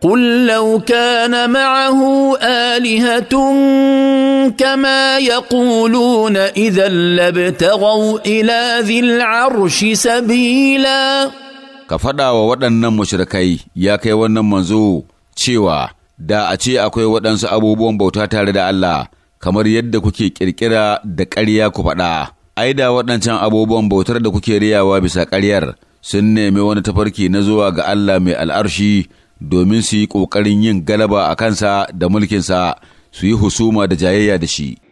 قل لو كان معه آلهة كما يقولون إذا لابتغوا إلى ذي العرش سبيلا ka faɗawa waɗannan mashirkai ya kai wannan manzo cewa da a ce akwai waɗansu abubuwan bauta tare da Allah kamar yadda kuke ƙirƙira da ƙarya ku faɗa ai da waɗancan abubuwan bautar da kuke riyawa bisa ƙaryar sun nemi wani tafarki na zuwa ga Allah mai al'arshi domin su yi ƙoƙarin yin galaba a kansa da mulkinsa su yi husuma da jayayya da shi.